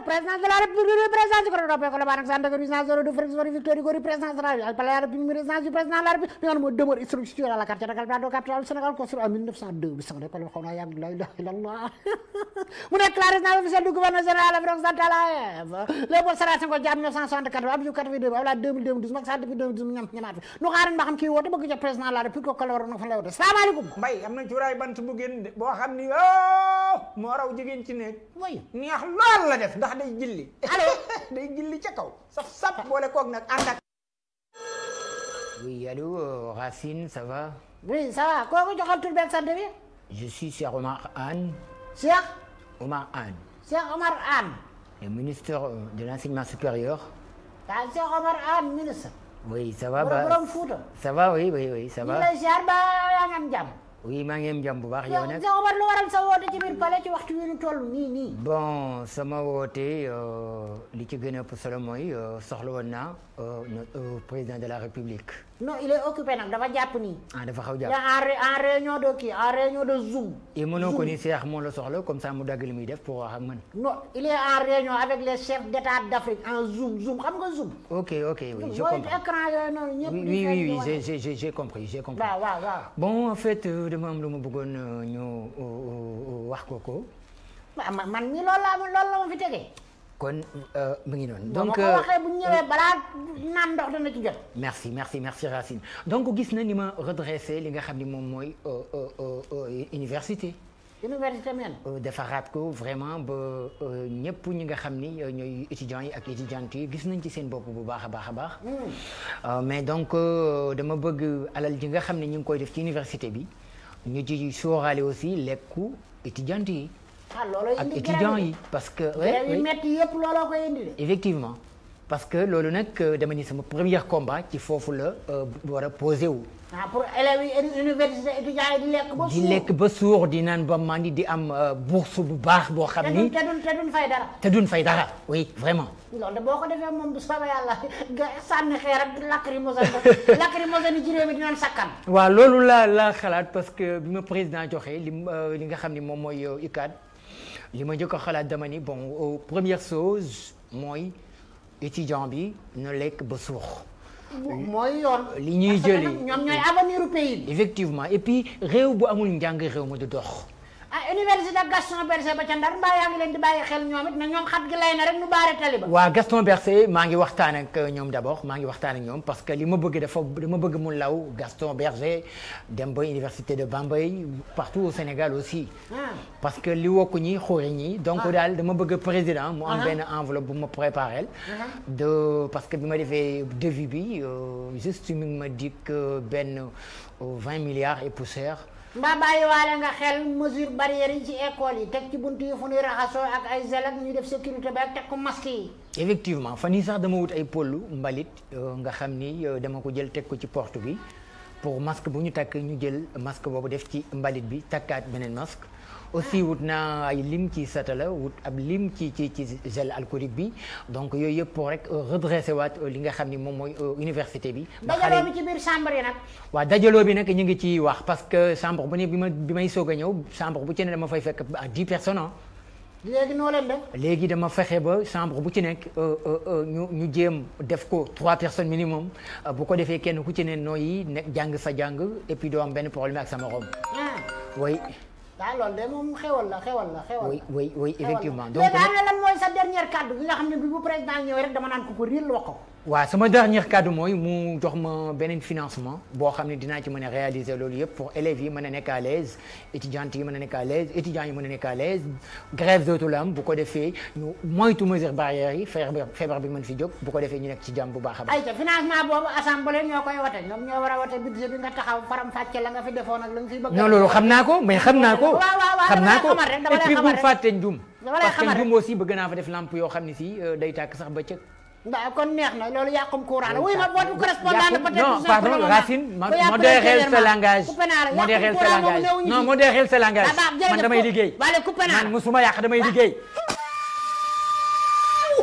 président de la république présidence du Conseil européen Colobane ak Sane dëkk Rue 02 Frix Vallée Victorie Gorée présidence de la République palais de la République résidence du président de la République bi nga xam ne mooy demeure historique située à la quartier Dakar Plateau capitale du Sénégal construit en 1902 bi sama dépal xaw naa yàgg la ilaha illallah mu nekk la résidence officielle du gouverneur général Abdou Rahmane Tall Léopold Sédar Senghor Dia 1964 Abdou 82 Abdoulaye 2012 Macky Sall depuis 2012 ñam ñamaat fi nu xaaran ba xam kii woote bëgg jox président de la République kooku la waroon fa lay woote salaamaaleykum mbay am na cuuraay bant bu génn boo xam ni moo raw jigéen ci néeg way neex lool la def ndax day jilli allo day jilli ca kaw saf sap boole koog nag ànd ak oui allô euh, Racine ça va oui ça va kooku joxal tur beeg sant bi je suis Cheikh Omar Anne Cheikh Omar Anne Cheikh Omar Anne le ministre euh, de l'enseignement supérieur ah Cheikh Omar Anne ministre oui ça va ba borom Fuuta ça va oui oui oui ça va ñu lay ziar ba yaa ngi am jàmm oui maa ngi am jàmm bu baax yow nag sa woote ci biir palais ci waxtu wi ñu toll nii nii. bon sama woote euh, li ci gën a ëpp mooy euh, soxla woon naa euh, président de la république. non il est occupé nag dafa jàpp nii. ah dafa xaw jàpp en réunion de en réunion de zoom. moo la soxla comme ça dagg li muy def pour il est en réunion avec les chefs d' état d' zoom zoom xam nga zoom. ok ok oui je comprends yooyu noonu ñëpp. oui compris j'ai compris. bon en fait. dama am lu ma bëggoon euh, ñu euh, euh, ko ko. man mi loolu la ma fi tegee. kon mu ngi noonu. donc bu ma ko merci merci merci donc gis na ni ma redressé li nga xam ni moom mooy université. université mel. defaraat ko vraiment ba ñëpp ñi nga xam ni ñooy étudiants yi ak étudiantes yi gis nañ ci seen bopp bu baax a baax a baax. Hmm. mais donc dama bëgg alal ji nga xam ne ñu ngi koy def ci université bi. ñu ci sóoraale aussi lekku étudiant yi. ah looloo indi ak étudiants yi parce que. oui oui metti yëpp looloo koy indi de. effectivement. parce que loolu nag euh, dama ni sama premier combat ci foofu la euh, war a posé wu. Ah, di lekk ba suur di lekk ba suur di naan ba mandi am euh, bourse bu baax boo xam ni. te duñ te fay dara. te duñ fay dara vraiment. loolu boo ko defee moom du sama yàlla nga sànni xeer ak lacrymogène lacrymogène yi juróomi dinañ sakkan. waaw loolu la laa xalaat parce que bi ma président joxe li li nga xam ni moom mooy UCAD li ma njëkk a xalaat dama bon première chose mooy. étudiant bi na lekk ba suux. mooy yoon li ñuy jëli ñoom ñooy avenir u pays bi. effectivement et puis réew bu amul njàng réew ma du dox. ah université Gaston Berger ba ca Ndar mbaa yaa ngi bàyyi xel ñoom it na ñoom xat gi lay na rek nu baare tali ba Gaston Berger maa ngi waxtaan ak euh, ñoom d'abord maa ngi waxtaan ak ñoom parce que li ma bëgg dafa ma bëgg mu law Gaston Berger dem ba université de Bambey partout au Sénégal aussi ah. parce que li wokku ñi xóori ñi donc ah. daal dama bëgg président mu ah. benn enveloppe bu ma préparel de parce que bi ma defee devis bi euh, juste mi ma dikk euh, benn vingt milliards et poussière mbaa bàyyi waale nga xel mesure barrière yi ci école yi teg ci bunt yi fu ñuy raxasoo ak ay gel ñuy def sécurité ba ak teg ko masque yi. effectivement fan yii sax dama wut ay pollu mbalit euh, nga xam ni euh, dama ko jël teg ko ci porte bi. pour masque bu ñu takk ñu jël masque boobu def ci mbalit bi takkaat beneen masque aussi ah. wut naa ay lim ci satala wut ab lim ci ci ci gel alcoolique bi donc yooyu yëpp pour rek euh, redressé waat euh, li nga xam ni moom mooy euh, université bi. ba dajaloo bi ci biir chambre yi nag. waaw dajaloo bi nag ñu ngi ci wax parce que chambre bu ne bi ma bi may soog a ñëw chambre bu ci ne dama fay fekk à dix personnes léegi léegi dama fexe ba sembre bu ci nekk euh, euh, euh, ñu ñu jéem def ko trois personnes minimum bu ko defee kenn ku ci ne nooyi nekk jàng sa jàng et puis doo am problème ak sama morom. Ah. oui. ah loolu de la xewal la xewal la. dernier kàddu gi nga xam ne bi bu président ñëwee rek dama naan ko ko riil wax ko. sama dernier kàddu mooy mu jox ma beneen financement boo xam ne dinaa ci mën a réaliser loolu yëpp pour élèves yi mën a nekk à l'aise étudiantes yi mën a nekk à l'aise étudiants yi a nekk am bu ko defee ñu moytu mesure barrières yi feebar feebar bi mën fi jóg bu ko defee ñu nekk ci jàmm bu baax a baax. ayca financement a nga taxaw faram fàcce la nga fi defoon ak loolu xam naa ko mais xam naa ko. waaw waaw waaw dama lay xam naa ko et puis bu fàtte njum dama lay xamal parce que aussi bëgg naa fa def lampe yoo xam ne si euh, day tàkk sax ba cëg. waaw kon neex na loolu yàqum courant la. wuy ma bootu correspondant peut être. non pardon Racine moo deexeel sa langage. moo deexeel sa langage non moo deexeel sa langage. Ah man damay liggéey. man ma yàq damay liggéey.